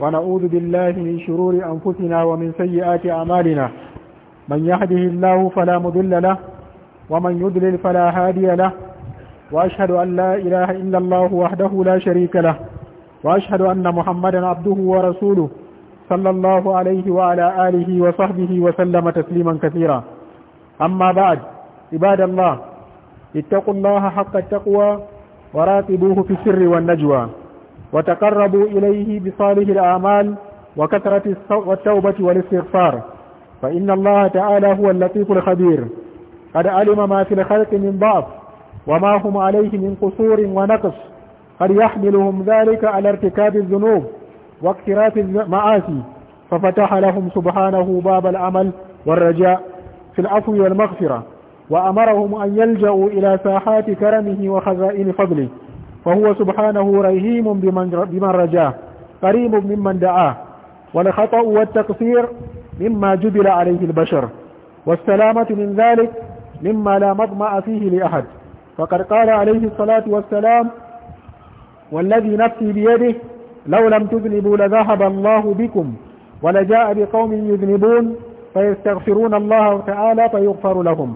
ونعوذ بالله من شرور أنفسنا ومن سيئات أعمالنا من يهده الله فلا مضل له ومن يضلل فلا هادي له وأشهد أن لا إله إلا الله وحده لا شريك له وأشهد أن محمدا عبده ورسوله صلى الله عليه وعلى آله وصحبه وسلم تسليما كثيرا أما بعد عباد الله اتقوا الله حق التقوى وراقبوه في السر والنجوى وتقربوا إليه بصالح الأعمال وكثرة التوبة والاستغفار فإن الله تعالى هو اللطيف الخبير قد علم ما في الخلق من ضعف وما هم عليه من قصور ونقص قد يحملهم ذلك على ارتكاب الذنوب واقتراف المعاصي ففتح لهم سبحانه باب العمل والرجاء في العفو والمغفرة وأمرهم أن يلجأوا إلى ساحات كرمه وخزائن فضله فهو سبحانه رهيم بمن, بمن رجاه قريب ممن دعاه والخطأ والتقصير مما جبل عليه البشر والسلامة من ذلك مما لا مضمع فيه لأحد فقد قال عليه الصلاة والسلام والذي نفسي بيده لو لم تذنبوا لذهب الله بكم ولجاء بقوم يذنبون فيستغفرون الله تعالى فيغفر لهم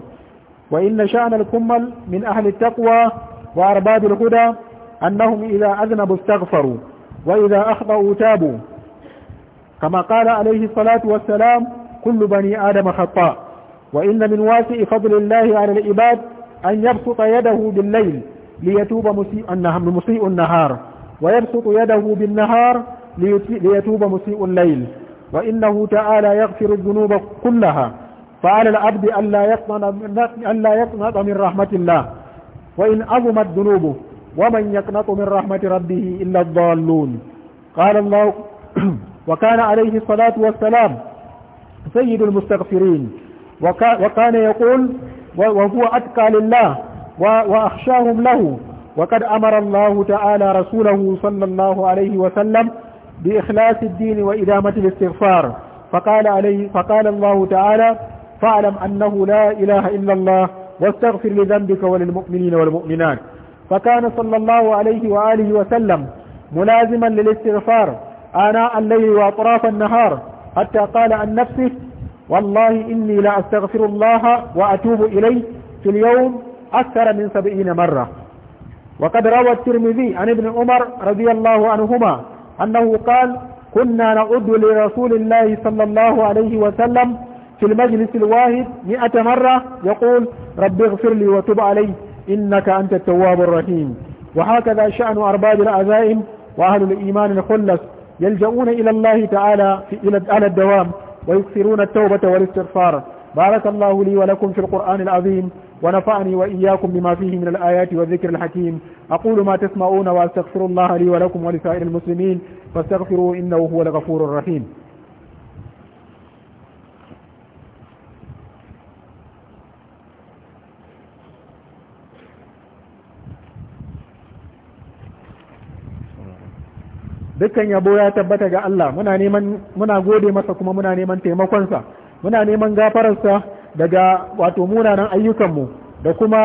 وإن شأن الكمل من أهل التقوى وأرباب الهدى أنهم إذا أذنبوا استغفروا وإذا أخطأوا تابوا كما قال عليه الصلاة والسلام كل بني آدم خطاء وإن من واسع فضل الله على العباد أن يبسط يده بالليل ليتوب مسيء النهار ويبسط يده بالنهار ليتوب مسيء الليل وإنه تعالى يغفر الذنوب كلها فعلى العبد ألا يقنط من رحمة الله وإن عظمت ذنوبه ومن يقنط من رحمة ربه إلا الضالون قال الله وكان عليه الصلاة والسلام سيد المستغفرين وكان يقول وهو أتقى لله وأخشاهم له وقد أمر الله تعالى رسوله صلى الله عليه وسلم بإخلاص الدين وإدامة الاستغفار فقال, عليه فقال الله تعالى فاعلم أنه لا إله إلا الله واستغفر لذنبك وللمؤمنين والمؤمنات فكان صلى الله عليه وآله وسلم ملازما للاستغفار آناء الليل وأطراف النهار حتى قال عن نفسه والله إني لا أستغفر الله وأتوب إليه في اليوم أكثر من سبعين مرة وقد روى الترمذي عن ابن عمر رضي الله عنهما أنه قال كنا نعد لرسول الله صلى الله عليه وسلم في المجلس الواحد مئة مرة يقول رب اغفر لي وتب عليه إنك أنت التواب الرحيم وهكذا شأن أرباب العزائم وأهل الإيمان الخلص يلجؤون إلى الله تعالى في على الدوام ويكثرون التوبة والاستغفار بارك الله لي ولكم في القرآن العظيم ونفعني وإياكم بما فيه من الآيات والذكر الحكيم أقول ما تسمعون وأستغفر الله لي ولكم ولسائر المسلمين فاستغفروا إنه هو الغفور الرحيم dukkan yabo ya tabbata ga Allah muna neman muna gode masa kuma muna neman taimakonsa muna neman gafararsa daga wato munanan ayyukanmu da kuma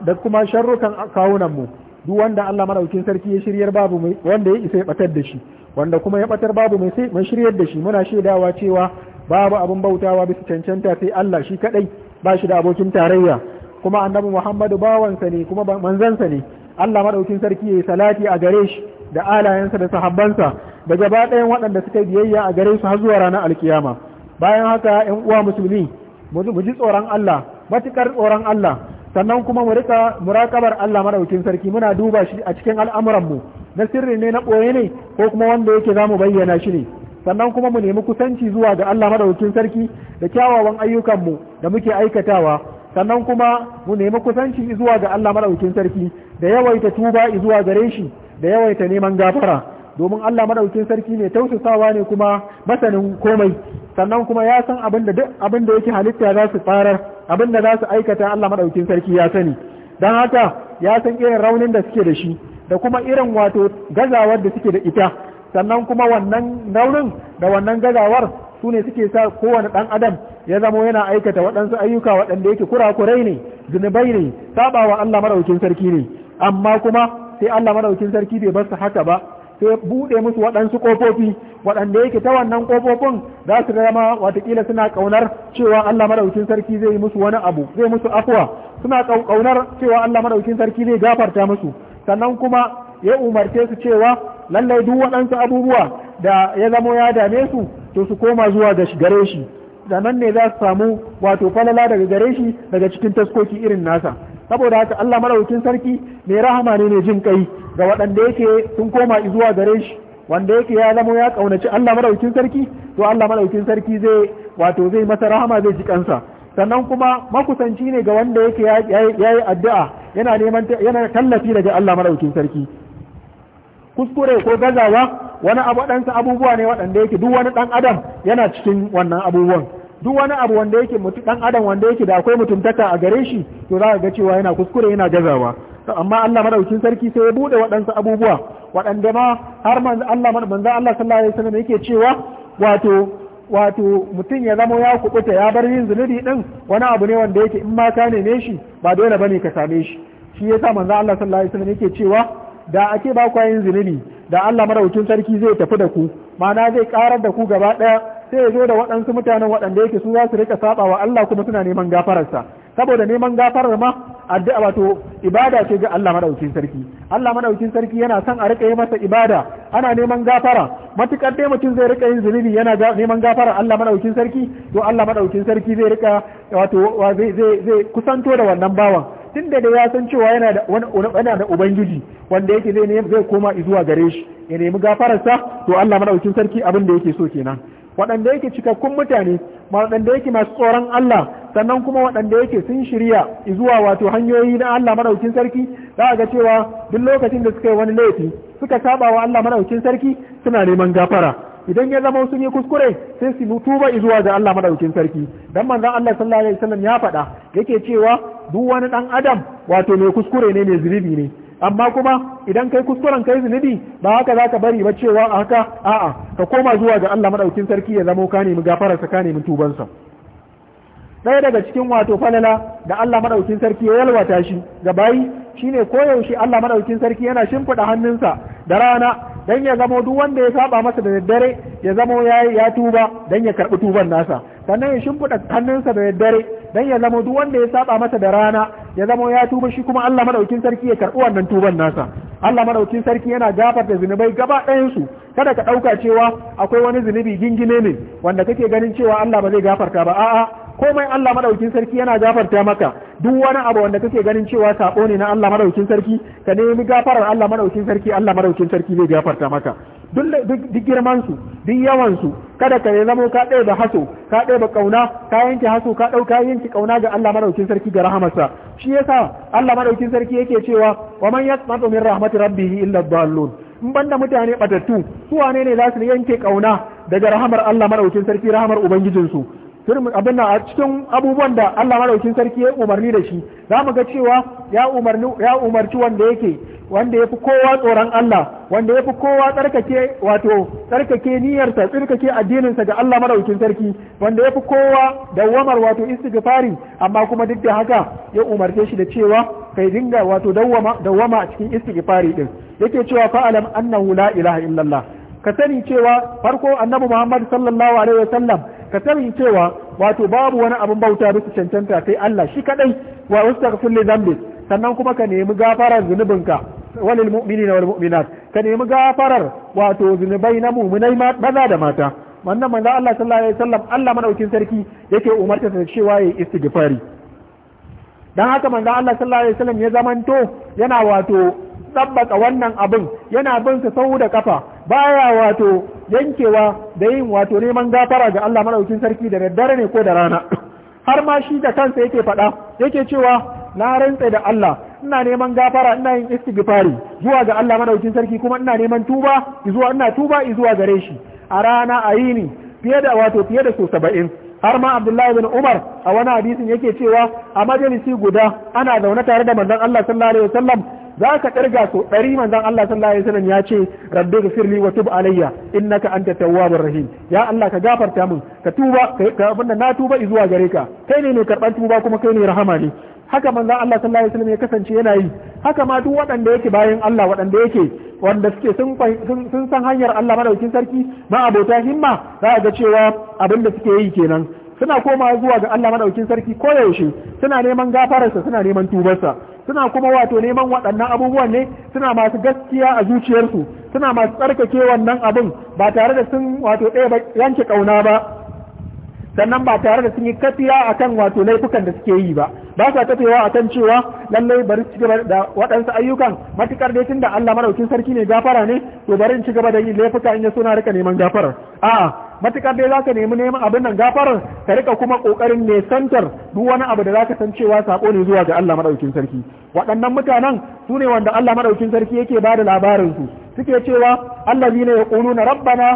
da kuma sharrukan kawunanmu duk wanda Allah madaukin sarki ya shiryar babu mai wanda ya isa ya batar da shi wanda kuma ya batar babu mai sai mun shiryar da shi muna shaidawa cewa babu abin bautawa bisa cancanta sai Allah shi kadai ba shi da abokin tarayya kuma annabi Muhammadu bawansa ne kuma manzansa ne Allah madaukin sarki ya yi salati a gare shi da alayensa da sahabbansa da gaba ɗayan waɗanda suka biyayya a gare su har zuwa ranar alkiyama bayan haka ƴan uwa musulmi mu ji tsoron Allah matukar tsoron Allah sannan kuma mu rika muraƙabar Allah madaukin sarki muna duba shi a cikin al'amuran mu na sirri ne na ɓoye ne ko kuma wanda yake za mu bayyana shi ne sannan kuma mu nemi kusanci zuwa ga Allah madaukin sarki da kyawawan ayyukanmu da muke aikatawa sannan kuma mu nemi kusanci zuwa ga Allah maɗaukin sarki da yawaita tuba zuwa gare shi da yawaita neman gafara domin Allah madaukin sarki ne tausasawa ne kuma masanin komai sannan kuma ya san abin da duk abin da yake halitta za su fara abin da za su aikata Allah madaukin sarki ya sani dan haka ya san irin raunin da suke da shi da kuma irin wato gazawar da suke da ita sannan kuma wannan raunin da wannan gazawar su ne suke sa kowane ɗan adam ya zamo yana aikata waɗansu ayyuka waɗanda yake kurakurai ne zunubai ne saɓawa Allah maɗaukin sarki ne amma kuma sai Allah madaukin sarki bai bar su haka ba sai buɗe musu waɗansu kofofi waɗanda yake ta wannan kofofin za su zama watakila suna kaunar cewa Allah madaukin sarki zai yi musu wani abu zai musu afuwa suna ƙaunar cewa Allah madaukin sarki zai gafarta musu sannan kuma ya umarce su cewa lallai duk waɗansu abubuwa da ya zamo ya dame su to su koma zuwa ga gare shi da nan ne za su samu wato falala daga gare shi daga cikin taskoki irin nasa saboda haka Allah madaukakin sarki mai rahama ne ne jin kai ga waɗanda yake sun koma zuwa gare shi wanda yake ya zamo ya kaunaci Allah madaukakin sarki to Allah madaukakin sarki zai wato zai masa rahama zai ji kansa sannan kuma makusanci ne ga wanda yake yayi addu'a yana neman yana tallafi daga Allah madaukakin sarki kuskure ko gazawa wani abu abubuwa ne waɗanda yake duk wani ɗan adam yana cikin wannan abubuwan duk wani abu wanda yake mutu dan adam wanda yake da akwai mutuntaka a gare shi to za ka ga cewa yana kuskure yana gazawa amma Allah madaukin sarki sai ya bude waɗansu abubuwa waɗanda ma har manzo Allah manzo Allah sallallahu alaihi wasallam yake cewa wato wato mutum ya zama ya kubuta ya bar yin zunubi din wani abu ne wanda yake in ma ka neme shi ba dole bane ka same shi shi yasa manzo Allah sallallahu alaihi wasallam yake cewa da ake ba ku yin zunubi da Allah madaukin sarki zai tafi da ku ma'ana zai karar da ku gaba daya sai ya zo da waɗansu mutanen waɗanda yake su za su rika saba wa Allah kuma suna neman gafararsa saboda neman gafarar ma addu'a wato ibada ce ga Allah madaukin sarki Allah madaukin sarki yana son a rika yi masa ibada ana neman gafara matukar dai mutum zai rika yin zunubi yana neman gafara Allah madaukin sarki to Allah madaukin sarki zai rika wato zai zai kusanto da wannan bawan tunda da ya san cewa yana da yana da ubangiji wanda yake zai zai koma zuwa gare shi ya nemi gafararsa to Allah maɗaukin sarki abin da yake so kenan waɗanda yake cikakkun mutane waɗanda yake masu tsoron Allah sannan kuma waɗanda yake sun shirya zuwa wato hanyoyi na Allah maɗaukin sarki za a ga cewa duk lokacin da suka yi wani laifi suka saba wa Allah maɗaukin sarki suna neman gafara idan ya zama sun yi kuskure sai su tuba zuwa ga Allah maɗaukin sarki dan manzon Allah sallallahu alaihi wasallam ya faɗa yake cewa duk wani ɗan adam wato mai kuskure ne mai zulubi ne amma kuma idan kai kuskuren kai zunubi ba haka za ka bari ba cewa a haka a'a ka koma zuwa ga Allah madaukin sarki ya zamo ka nemi gafararsa ka nemi tubansa ɗaya daga cikin wato falala da Allah madaukin sarki ya yalwata shi ga bayi shine koyaushe Allah madaukin sarki yana shimfiɗa hannunsa da rana dan ya zamo duk wanda ya saba masa da daddare ya zamo ya ya tuba dan ya karbi tuban nasa sannan ya shimfiɗa hannunsa da daddare dan ya zamo duk wanda ya saba masa da rana ya zama ya tuba shi kuma Allah madaukin sarki ya karɓi wannan tuban nasa Allah madaukin sarki yana gafarta zunubai gaba ɗayan su kada ka ɗauka cewa akwai wani zunubi gingine ne wanda kake ganin cewa Allah ba zai gafarta ba a'a komai Allah madaukin sarki yana gafarta maka duk wani abu wanda kake ganin cewa sabo ne na Allah madaukin sarki ka nemi gafarar Allah madaukin sarki Allah madaukin sarki zai gafarta maka duk girman su duk yawan su kada ka zama ka ɗaya da haso ka ɗaya da ƙauna ka yanke haso ka dauka yanke ƙauna ga Allah madaukin sarki ga rahamarsa shi yasa Allah madaukin sarki yake cewa wa man yasmatu min rahmati rabbih illa dallun in banda mutane batattu su wane ne za su yanke kauna daga rahamar Allah madaukin sarki rahamar ubangijinsu abin a cikin abubuwan da Allah maraukin sarki ya umarni da shi za mu ga cewa ya umarni ya umarci wanda yake wanda yafi kowa tsoron Allah wanda yafi kowa tsarkake wato tsarkake niyyarsa tsarkake addininsa ga Allah maraukin sarki wanda yafi kowa dawwamar wato istighfari amma kuma duk da haka ya umarce shi da cewa kai dinga wato dawwama a cikin istighfari din yake cewa fa'alam annahu la ilaha illallah ka sani cewa farko annabi Muhammad sallallahu alaihi wasallam ka sani cewa wato babu wani abin bauta bisa cancanta sai Allah shi kadai wa wastaghfir li dhanbi sannan kuma ka nemi gafarar zunubinka walil mu'minina wal mu'minat ka nemi gafarar wato zunubai na mu'minai maza da mata wannan manzo Allah sallallahu alaihi wasallam Allah madaukin sarki yake umarta ta cewa yayi istighfari dan haka manzo Allah sallallahu alaihi wasallam ya zamanto yana wato tsabbaka wannan abin yana bin sa sau da kafa baya wato yankewa da yin wato neman gafara ga Allah maraukin sarki da daddare ne ko da rana har ma shi da kansa yake faɗa yake cewa na rantse da Allah ina neman gafara ina yin istighfari zuwa ga Allah maraukin sarki kuma ina neman tuba zuwa ina tuba zuwa gare shi a rana a yini fiye da wato fiye da so saba'in har ma Abdullahi bin Umar a wani hadisin yake cewa a majalisi guda ana zaune tare da manzon Allah sallallahu alaihi wasallam za ka kirga so ɗari Allah sallallahu alaihi wasallam ya ce rabbi ghfirli wa tub alayya innaka anta tawwabur rahim ya Allah ka gafarta min ka tuba ka abinda na tuba zuwa gare ka kai ne mai karban tuba kuma kai ne rahama ne haka manzan Allah sallallahu alaihi wasallam ya kasance yana yi haka ma duk waɗanda yake bayan Allah waɗanda yake wanda suke sun san hanyar Allah madaukin sarki ma abota himma za ga cewa abin da suke yi kenan suna komawa zuwa ga Allah madaukin sarki koyaushe suna neman gafararsa suna neman tubarsa suna kuma wato neman waɗannan abubuwan ne suna masu gaskiya a zuciyarsu suna masu tsarkake wannan abin ba tare da sun wato ɗaya ba yanke ƙauna ba sannan ba tare da sun yi kafiya kan wato laifukan da suke yi ba ba sa kafewa kan cewa lallai bari su cigaba da waɗansu ayyukan matukar dai tunda Allah maraukin sarki ne gafara ne to bari in ci gaba da yin laifuka in ya suna rika neman gafara a'a matukar dai ka nemi neman abin nan gafar ka rika kuma ƙoƙarin nesantar duk wani abu da za ka san cewa saƙo ne zuwa ga Allah maɗaukin sarki waɗannan mutanen su ne wanda Allah maɗaukin sarki yake bada labarin su suke cewa Allah ya allazina na rabbana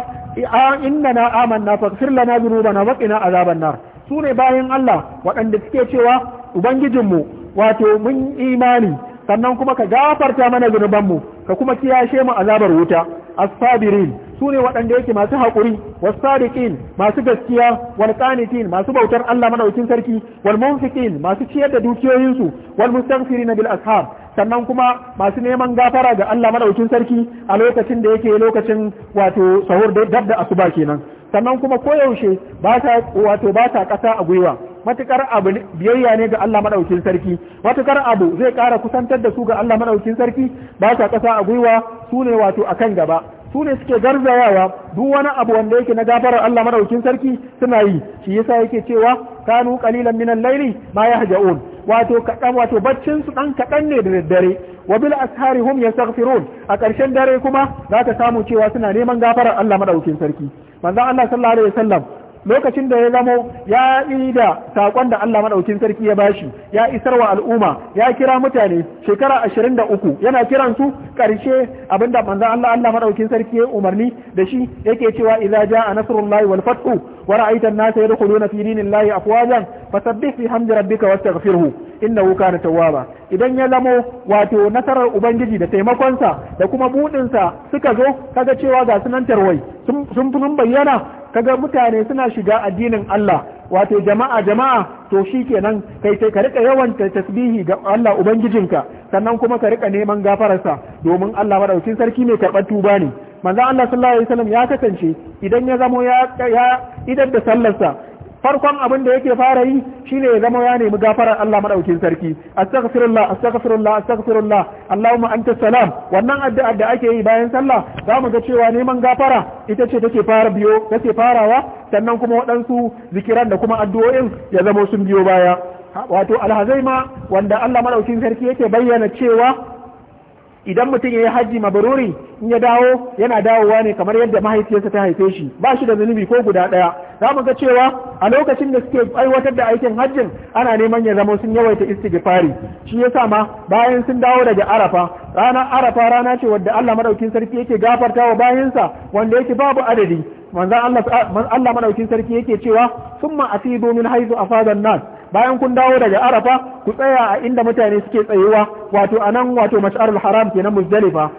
aman amanna faghfir lana dhunubana wa na azaban nar su ne bayan Allah waɗanda suke cewa ubangijinmu wato mun imani sannan kuma ka gafarta mana zunubanmu ka kuma kiyashe mu azabar wuta as-sabirin sune waɗanda yake masu haƙuri was-sadiqin masu gaskiya wal qanitin masu bautar Allah madaukin sarki wal munfiqin masu ciyar da dukiyoyinsu wal mustaghfirin bil ashab sannan kuma masu neman gafara ga Allah madaukin sarki a lokacin da yake lokacin wato sahur da dabda asuba kenan sannan kuma koyaushe ba ta wato ba ta kasa a gwiwa matukar abu biyayya ne ga Allah madaukin sarki matukar abu zai kara kusantar da su ga Allah madaukin sarki ba sa kasa a gwiwa su ne wato kan gaba su ne suke garzayawa duk wani abu wanda yake na gafarar Allah madaukin sarki suna yi shi yasa yake cewa kanu qalilan minal layli ma yahjaun wato kadan wato baccin su dan kadan ne da daddare wa bil ashari hum yastaghfirun a ƙarshen dare kuma zaka samu cewa suna neman gafarar Allah madaukin sarki manzon Allah sallallahu alaihi wasallam lokacin da ya zamo ya da saƙon da Allah maɗaukin sarki ya bashi ya isar wa al'umma ya kira mutane shekara ashirin da uku yana kiran su ƙarshe abinda manzan Allah Allah maɗaukin sarki ya umarni da shi yake cewa idza jaa nasrullahi wal fathu wa ra'aita an-nasa yadkhuluna fi dinillahi afwajan fasabbih bi hamdi rabbika wastaghfirhu innahu kana tawwaba idan ya zamo wato nasarar ubangiji da taimakonsa da kuma sa suka zo kaga cewa ga sunan tarwai sun bayyana kaga mutane suna shiga addinin Allah wato jama'a jama'a to shi kenan kai sai ka rika yawan tasbihi ga Allah ubangijinka sannan kuma ka rika neman gafararsa domin Allah madaukakin sarki mai karɓar tuba ne manzo Allah sallallahu alaihi wasallam ya kasance idan ya zamo ya idan da sallarsa farkon abin da yake fara yi shine ya zama ya nemi gafarar Allah madaukin sarki astaghfirullah astaghfirullah astaghfirullah allahumma anta salam wannan addu'a da ake yi bayan sallah za mu ga cewa neman gafara ita ce take fara biyo take farawa sannan kuma waɗansu zikiran da kuma addu'o'in ya zama sun biyo baya wato alhazai ma wanda Allah madaukin sarki yake bayyana cewa idan mutum ya yi haji mabaruri in ya dawo yana dawowa ne kamar yadda mahaifiyarsa ta haife shi ba shi da zunubi ko guda ɗaya za mu ga cewa a lokacin da suke aiwatar da aikin hajjin ana neman ya zama sun yawaita istighfari shi ya sa ma bayan sun dawo daga arafa ranar arafa rana ce wadda Allah maɗaukin sarki yake gafarta wa bayansa wanda yake babu adadi manzan Allah maɗaukin sarki yake cewa sun summa domin haihu a fadar nas bayan kun dawo daga arafa ku tsaya a inda mutane suke tsayewa wato nan wato mash'arul haram kenan muzdalifa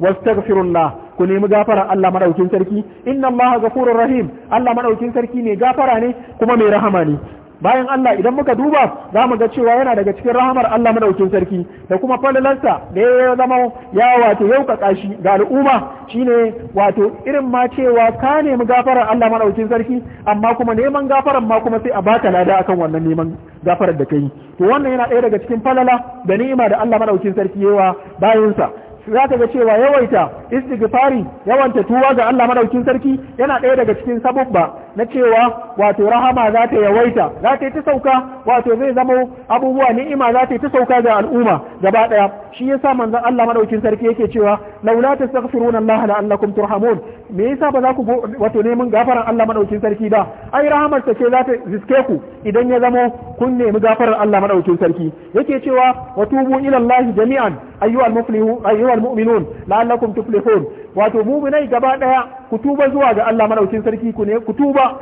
wastaghfirullah ku nemi gafara Allah madaukin sarki inna Allah ghafurur rahim Allah madaukin sarki ne gafara ne kuma mai rahama ne bayan Allah idan muka duba za mu ga cewa yana daga cikin rahamar Allah madaukin sarki da kuma fadalarsa da ya zama ya wato yaukaka shi ga al'umma shine wato irin ma cewa ka nemi gafarar Allah madaukin sarki amma kuma neman gafarar ma kuma sai a baka lada akan wannan neman gafarar da kai to wannan yana ɗaya daga cikin falala da ni'ima da Allah madaukin sarki yawa bayansa za ka ga cewa yawaita istighfari yawanta tuwa ga Allah madaukin sarki yana ɗaya daga cikin sabubba na cewa wato rahama za ta yawaita za ta yi ta sauka wato zai zama abubuwa ni'ima za ta yi ta sauka ga al'umma gaba daya shi yasa manzon Allah madaukin sarki yake cewa laula tastaghfiruna Allah la'allakum turhamun me yasa ba za ku wato neman gafaran Allah madaukin sarki ba ai rahamar ta ce za ta riske ku idan ya zama kun nemi gafarar Allah madaukin sarki yake cewa watubu tubu ila Allah jami'an ayyuhal muflihun ayyuhal mu'minun la'allakum tuflihun wato muminai gaba daya ku tuba zuwa ga Allah madaukin sarki ku ne ku tuba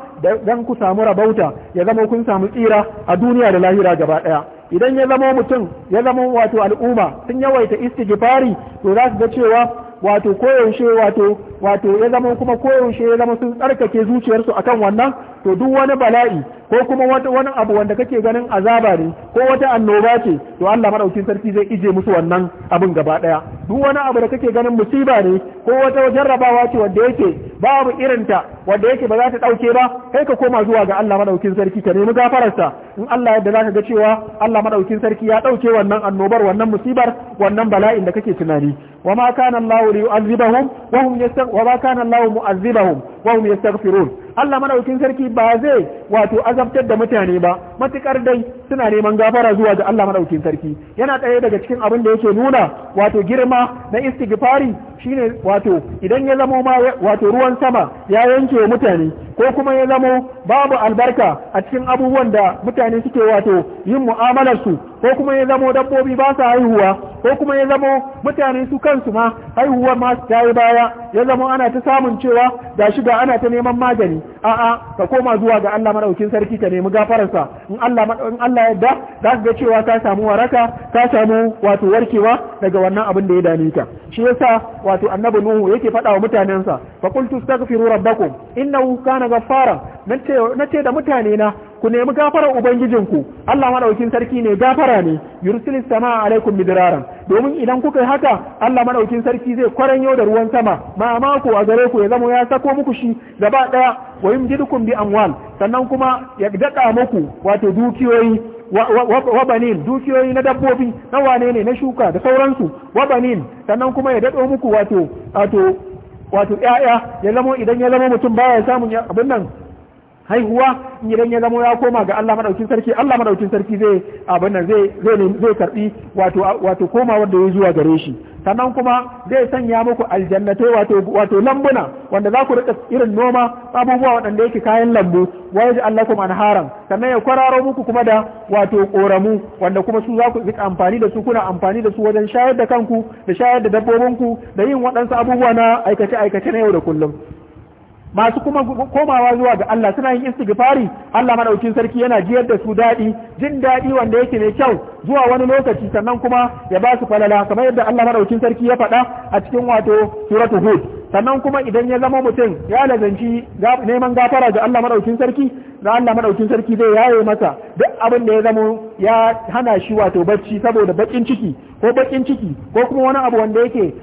dan ku samu rabauta ya zama kun samu tsira a duniya da lahira gaba daya idan ya zama mutum ya zama wato al'umma sun yawaita istighfari to za su ga cewa wato koyaushe wato wato ya zama kuma koyaushe ya zama sun tsarkake zuciyarsu a kan wannan to duk wani bala'i ko kuma wani abu wanda kake ganin azaba ne ko wata annoba ce to Allah madaukin sarki zai ije musu wannan abin gaba daya duk wani abu da kake ganin musiba ne ko wata jarrabawa ce wanda yake babu irinta wanda yake ba za ta dauke ba kai ka koma zuwa ga Allah madaukin sarki ka nemi gafararsa in Allah yadda zaka ga cewa Allah madaukin sarki ya dauke wannan annobar wannan musibar wannan bala'in da kake tunani wa ma kana Allahu yu'azzibahum wa hum wa ma kana Allahu mu'azzibahum wa hum yastaghfirun Allah madaukin sarki ba zai wato azabtar da mutane ba matukar dai suna neman gafara zuwa ga Allah madaukin sarki yana ɗaya daga cikin abin da yake nuna wato girma na istighfari shine wato idan ya zamo ma wato ruwan sama ya yanke ake mutane ko kuma ya zamo babu albarka a cikin abubuwan da mutane suke wato yin mu'amalar su ko kuma ya zamo dabbobi ba sa haihuwa ko kuma ya zamo mutane su kansu ma haihuwa ma ta yi baya ya zamo ana ta samun cewa ga shi ga ana ta neman magani a'a ka koma zuwa ga Allah madaukin sarki ka nemi gafararsa in Allah in Allah yadda za ka ga cewa ka samu waraka ka samu wato warkewa daga wannan abin da ya dame ka shi yasa wato annabi nuhu yake faɗa wa mutanensa fa qultu astaghfiru rabbakum innahu kana ghaffara nace nace da mutane na ku nemi gafarar ubangijinku Allah madaukin sarki ne gafara ne yursilis sama alaikum midraran domin idan kuka yi haka Allah madaukin sarki zai kwaranyo da ruwan sama ma mako a gare ku ya zama ya sako muku shi gaba daya wa yumjidukum bi amwal sannan kuma ya daka muku wato dukiyoyi wa banin dukiyoyi na dabbobi na wane ne na shuka da sauransu wa banin sannan kuma ya dado muku wato wato wato ƴaƴa ya zama idan ya zama mutum baya samun abin nan haihuwa idan ya zama ya koma ga Allah madaukin sarki Allah madaukin sarki zai abin nan zai zai zai karbi wato wato koma da ya zuwa gare shi sannan kuma zai sanya muku aljannatai wato wato lambuna wanda za ku rika irin noma abubuwa waɗanda yake kayan lambu wa Allah kuma anharan sannan ya kwararo muku kuma da wato koramu wanda kuma su za ku yi amfani da su kuna amfani da su wajen shayar da kanku da shayar da dabbobinku da yin waɗansu abubuwa na aikace aikace na yau da kullum masu kuma komawa zuwa ga Allah suna yin istighfari Allah madaukin sarki yana jiyar da su daɗi jin daɗi wanda yake mai kyau zuwa wani lokaci sannan kuma ya ba su falala kamar yadda Allah madaukin sarki ya faɗa a cikin wato suratu hud sannan kuma idan ya zama mutum ya lazanci neman gafara ga Allah madaukin sarki da Allah madaukin sarki zai yaye masa duk abin da ya zamo ya hana shi wato bacci saboda bakin ciki ko bakin ciki ko kuma wani abu wanda yake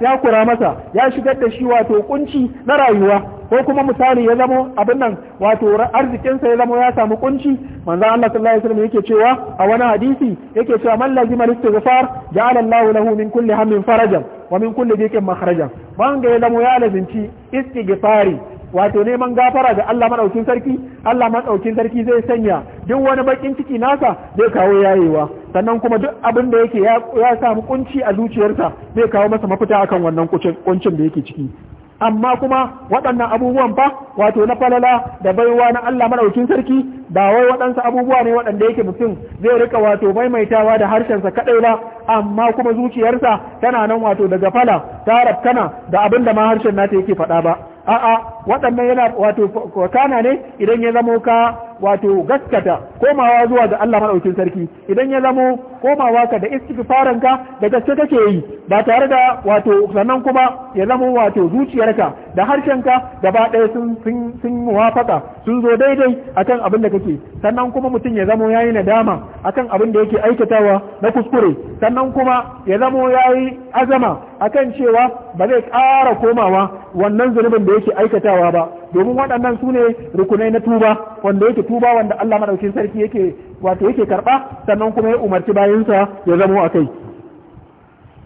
ya kura masa ya shigar da shi wato kunci na rayuwa ko kuma misali ya zama abin nan wato arzikinsa ya zama ya samu kunci manzo Allah sallallahu alaihi wasallam yake cewa a wani hadisi yake cewa man lazima istighfar ja'ala Allahu lahu min kulli hammin farajan wa min kulli dhiqin makhrajan ga ya zamo ya lazinci istighfari wato neman gafara ga Allah maɗaukin sarki Allah maɗaukin sarki zai sanya duk wani bakin ciki nasa zai kawo yayewa sannan kuma duk abin da yake ya samu kunci a zuciyarsa zai kawo masa mafita akan wannan kuncin da yake ciki amma kuma waɗannan abubuwan fa wato na falala da baiwa na Allah maɗaukin sarki ba wai waɗansu abubuwa ne waɗanda yake mutum zai rika wato maimaitawa da harshensa kaɗai ba amma kuma zuciyarsa tana nan wato daga fala ta rabtana da abin da ma harshen nata yake faɗa ba a'a waɗannan yana wato kana ne idan ya zama ka wato gaskata komawa zuwa ga Allah maɗaukin sarki idan ya zamo komawa ka da istighfarin ka da gaske kake yi ba tare da wato sannan kuma ya zamo wato zuciyarka da harshen ka gaba ɗaya sun sun sun muwafaka sun zo daidai a kan abin da kake sannan kuma mutum ya zamo yayi nadama akan abin da yake aikatawa na kuskure sannan kuma ya zamo yayi azama akan cewa ba zai ƙara komawa wannan zunubin da yake aikatawa ba domin waɗannan su ne rukunai na tuba wanda yake tuba wanda Allah madaukin sarki yake wato yake karba sannan kuma ya umarci bayinsa ya zamo a kai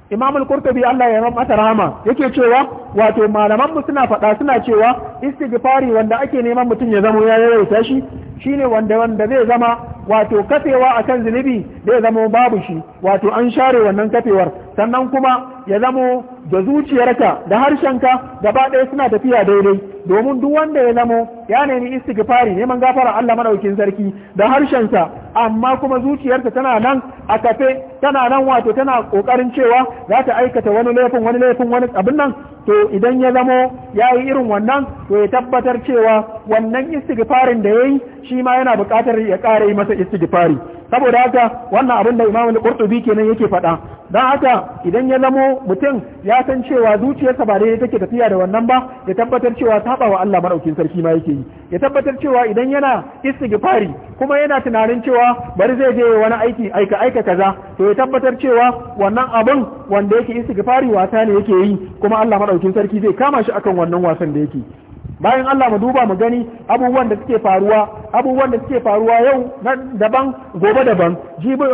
Imamul al Allah ya rahmata rahama yake cewa wato malaman mu suna faɗa suna cewa istighfari wanda ake neman mutum ya zama ya yawaita shi shine wanda wanda zai zama wato kafewa akan zunubi zai zama babu shi wato an share wannan kafewar sannan kuma ya zamo da zuciyarka da harshenka gaba ɗaya suna tafiya daidai domin duk wanda ya zamo ya nemi istighfari neman gafara Allah madaukin sarki da harshenka amma kuma zuciyarta tana nan a kafe tana nan wato tana kokarin cewa za ta aikata wani laifin wani laifin wani abin nan to idan ya zamo ya yi irin wannan to ya tabbatar cewa wannan istighfarin da ya yi shi ma yana buƙatar ya ƙara yi masa istighfari saboda haka wannan abin da imamu al-qurtubi kenan yake faɗa don haka idan ya zamo mutum ya san cewa zuciyarsa ba daidai take tafiya da wannan ba ya tabbatar cewa saba wa Allah madaukin sarki ma yake yi ya tabbatar cewa idan yana istighfari kuma yana tunanin cewa bari zai je wani aiki aika aika kaza to ya tabbatar cewa wannan abun wanda yake istighfari wata ne yake yi kuma Allah madaukin sarki zai kama shi akan wannan wasan da yake bayan Allah mu duba mu gani abubuwan da suke faruwa abubuwan da suke faruwa yau na daban gobe daban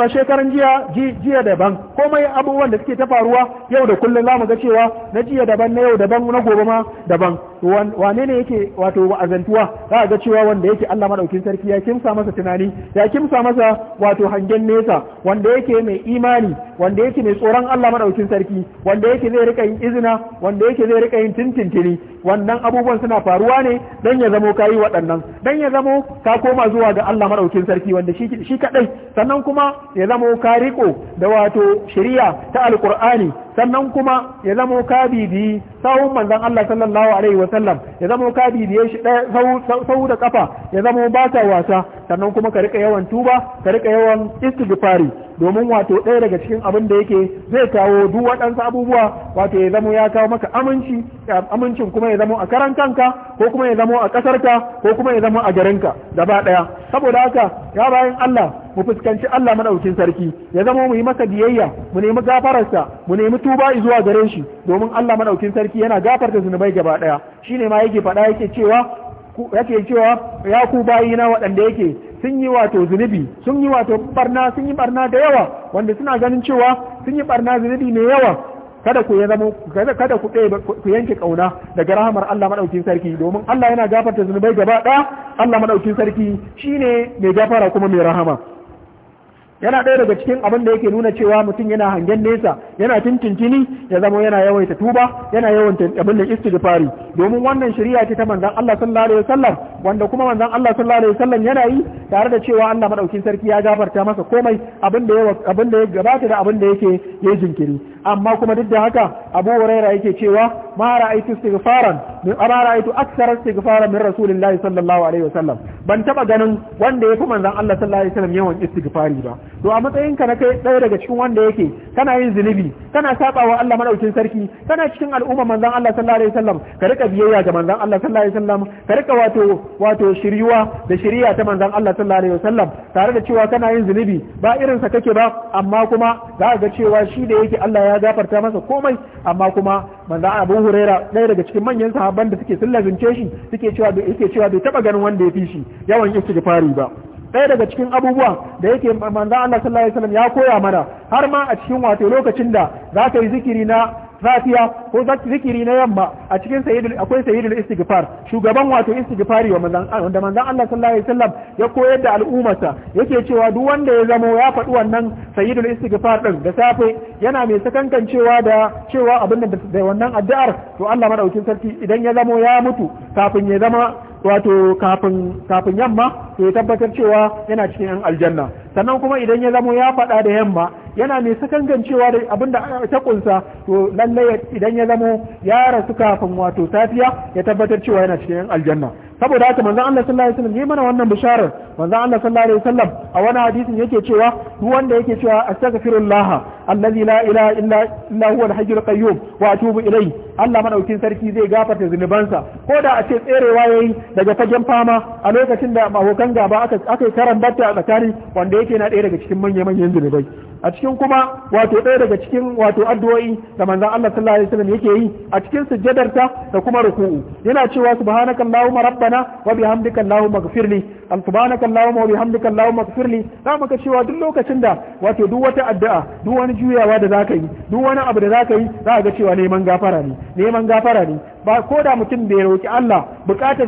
a shekaran jiya jiya daban komai abubuwan da suke ta faruwa yau da kullum mu ga cewa na jiya daban na yau daban na gobe ma daban wane ne yake wato azantuwa za ga cewa wanda yake Allah madaukin sarki ya kimsa masa tunani ya kimsa masa wato hangen nesa wanda yake mai imani wanda yake mai tsoron Allah madaukin sarki wanda yake zai rika yin izina wanda yake zai rika yin tintintini wannan abubuwan suna faruwa ne dan ya zamo kai waɗannan dan ya zamo ka koma zuwa ga Allah madaukin sarki wanda shi shi kadai sannan kuma ya zamo ka riko da wato shari'a ta alqur'ani sannan kuma ya zamo ka bibi sahun manzon Allah sallallahu alaihi wasallam ya zamo ka bibiye shi sau da kafa ya zamo ba ta wasa sannan kuma ka rika yawan tuba ka rika yawan istighfari domin wato ɗaya daga cikin abin da yake zai kawo duk waɗansu abubuwa wato ya zamo ya kawo maka aminci amincin kuma ya zamo a karan kanka ko kuma ya zamo a ƙasarka ko kuma ya zamo a garinka gaba ɗaya saboda haka ya bayan Allah mu fuskanci Allah madaukin sarki ya zama mu yi maka biyayya mu nemi gafararsa mu nemi tuba zuwa gare shi domin Allah madaukin sarki yana gafarta zunubai gaba ɗaya, shine ma yake faɗa yake cewa yake cewa ya ku bayina waɗanda yake sun yi wato zunubi sun yi wato barna sun yi barna da yawa wanda suna ganin cewa sun yi barna zunubi mai yawa kada ku zama kada ku ku yanke ƙauna daga rahamar Allah maɗaukin sarki domin Allah yana gafarta zunubai gaba ɗaya Allah maɗaukin sarki shine mai gafara kuma mai rahama yana ɗaya daga cikin abin da yake nuna cewa mutum yana hangen nesa yana tintintini ya zama yana yawaita tuba yana yawan abin da istighfari domin wannan shari'a ce ta manzon Allah sallallahu alaihi wasallam wanda kuma manzon Allah sallallahu alaihi wasallam yana yi tare da cewa Allah madaukin sarki ya gafarta masa komai abin da ya abin da ya gabata da abin da yake yayin jinkiri amma kuma duk da haka Abu Huraira yake cewa ma ra'aytu istighfaran min ma ra'aytu akthar istighfaran min rasulillahi sallallahu alaihi wasallam ban taɓa ganin wanda yafi manzon Allah sallallahu alaihi wasallam yawan istighfari ba to a matsayin ka na kai ɗaya daga cikin wanda yake kana yin zunubi kana sabawa Allah maɗaukin sarki kana cikin al'umma manzon Allah sallallahu alaihi wasallam ka rika biyayya ga manzon Allah sallallahu alaihi wasallam ka rika wato wato da shiriya ta manzan Allah sallallahu alaihi wasallam tare da cewa kana yin zunubi ba irin sa kake ba amma kuma za a ga cewa shi da yake Allah ya gafarta masa komai amma kuma manzo Abu Huraira ɗaya daga cikin manyan sahabban da suke sullazince shi suke cewa bai yake cewa bai taba ganin wanda ya fi shi yawan fari ba ɗaya daga cikin abubuwa da yake manzo Allah sallallahu alaihi wasallam ya koya mana har ma a cikin wato lokacin da za ka yi zikiri na safiya ko zikiri na yamma a cikin sayyidul akwai sayyidul istighfar shugaban wato istighfari wa manzon wanda manzon Allah sallallahu alaihi wasallam ya koyar da al'ummata yake cewa duk wanda ya zamo ya faɗi wannan sayyidul istighfar din da safe yana mai sakankancewa da cewa abin da wannan addu'ar to Allah madaukin sarki idan ya zamo ya mutu kafin ya zama wato kafin kafin yamma to ya tabbatar cewa yana cikin yan aljanna sannan kuma idan ya zamo ya faɗa da yamma yana mai sakangancewa da abin da ta kunsa to lallai idan ya zamo ya rasu kafin wato safiya ya tabbatar cewa yana cikin yan aljanna saboda haka manzon Allah sallallahu alaihi wasallam ya mana wannan bisharar manzo Allah sallallahu alaihi wasallam a wani hadisin yake cewa duk wanda yake cewa astaghfirullah allazi la ilaha illa illa huwa al-hayyul qayyum wa atubu ilayhi Allah madaukin sarki zai gafarta zunubansa ko da a ce tserewa yayi daga fagen fama a lokacin da abokan gaba aka aka karan batta a tsakani wanda yake na daya daga cikin manyan manyan zunubai a cikin kuma wato daya daga cikin wato addu'o'i da manzon Allah sallallahu alaihi wasallam yake yi a cikin sujjadarta da kuma ruku'u yana cewa subhanakallahumma rabbana wa bihamdika allahumma ighfirli subhanaka allahumma wa bihamdika allahumma ighfirli za mu ga cewa duk lokacin da wato duk wata addu'a duk wani juyawa da zaka yi duk wani abu da zaka yi za ga cewa neman gafara ne neman gafara ne ba ko da mutum bai roki Allah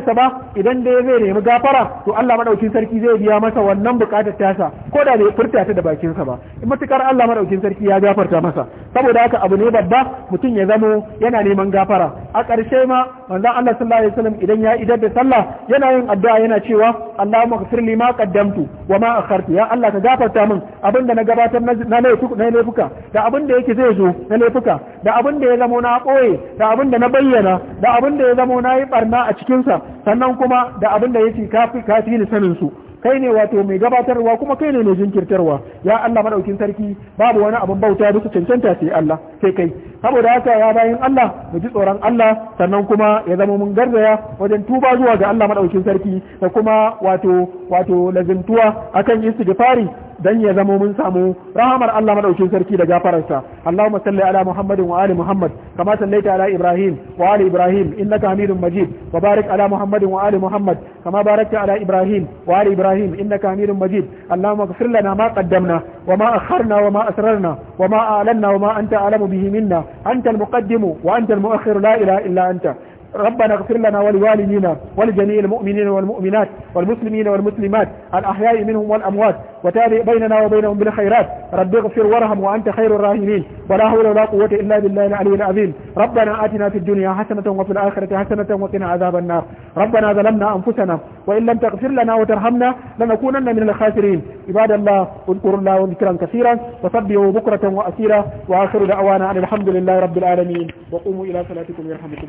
sa ba idan dai zai nemi gafara to Allah madaukin sarki zai biya masa wannan bukatar tasa ko da bai furta ta da bakinsa ba in matukar Allah madaukin sarki ya gafarta masa saboda haka abu ne babba mutum ya zamo yana neman gafara a ƙarshe ma manzon Allah sallallahu alaihi wasallam idan ya idar da sallah yana yin addu'a yana cewa Allahumma ighfir li ma qaddamtu wa ma akhartu ya Allah ka gafarta min abinda na gabatar na laifuka da abinda yake zai zo na laifuka da abinda ya zamo na koye da abinda na bayyana da abinda ya zamo na yi barna a cikin sa sannan kuma da abinda yake kafi kafi ni sanin su kai ne wato mai gabatarwa kuma kai ne mai jinkirtarwa ya Allah madaukin sarki babu wani abin bauta bisa cancanta sai Allah sai kai saboda haka ya bayan Allah mu ji tsoron Allah sannan kuma ya zama mun garzaya wajen tuba zuwa ga Allah madaukin sarki da kuma wato wato lazimtuwa akan istighfari dan ya zamo mun samu rahamar Allah madaukin sarki da gafararsa Allahumma salli ala Muhammadin wa ali Muhammad kama sallaita ala Ibrahim wa ali Ibrahim innaka Hamidum Majid wa barik ala Muhammadin wa ali Muhammad kama barakta ala Ibrahim wa ali Ibrahim innaka Hamidum Majid Allahumma ighfir lana ma qaddamna wa ma akharna wa ma asrarna wa ma a'lanna wa ma anta a'lamu bihi minna anta al-muqaddim wa anta al-mu'akhir la ilaha illa anta ربنا اغفر لنا ولوالدينا ولجميع المؤمنين والمؤمنات والمسلمين والمسلمات الأحياء منهم والأموات وتابع بيننا وبينهم بالخيرات رب اغفر وارحم وأنت خير الراحمين ولا حول ولا قوة إلا بالله العلي العظيم ربنا آتنا في الدنيا حسنة وفي الآخرة حسنة وقنا عذاب النار ربنا ظلمنا أنفسنا وإن لم تغفر لنا وترحمنا لنكونن من الخاسرين عباد الله اذكروا الله ذكرا كثيرا وصبحوا بكرة وأسيرا وآخر دعوانا أن الحمد لله رب العالمين وقوموا إلى صلاتكم يرحمكم